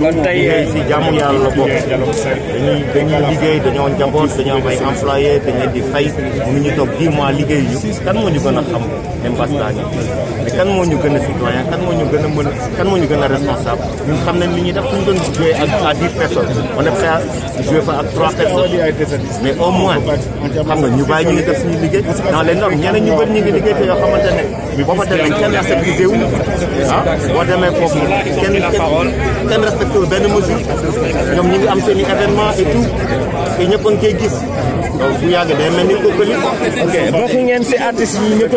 ñun liggéey si jàmm euh, yàlla la bokk dañuy dañuy liggéey dañoo njaboot dañoo am ay employé dañ leen di fay mënuñu toog dix mois liggéey yu kan moo ñu gën a xam impastage yi mais kan moo ñu gën a citoyen kan moo ñu gën a mën kan moo ñu gën a responsable ñun xam nañ li ñuy def suñ doon joué ak à dix personnes on a fait joué fa ak trois personnes mais au moins xam nga ñu bàyyi ñu ngi def suñu liggéey dans les normes ñeneen ñu bëri ñu ngi liggéey te yoo xamante ne boo fa demee kenn aseptisé wu ah boo demee foofu kenn kenn respecté respecté wul benn mesure ñoom ñu ngi am seen i événement et tout te ñëpp a ngi koy gis donc bu yàgg day mel ni kooku li. ok si artistes yi ñëpp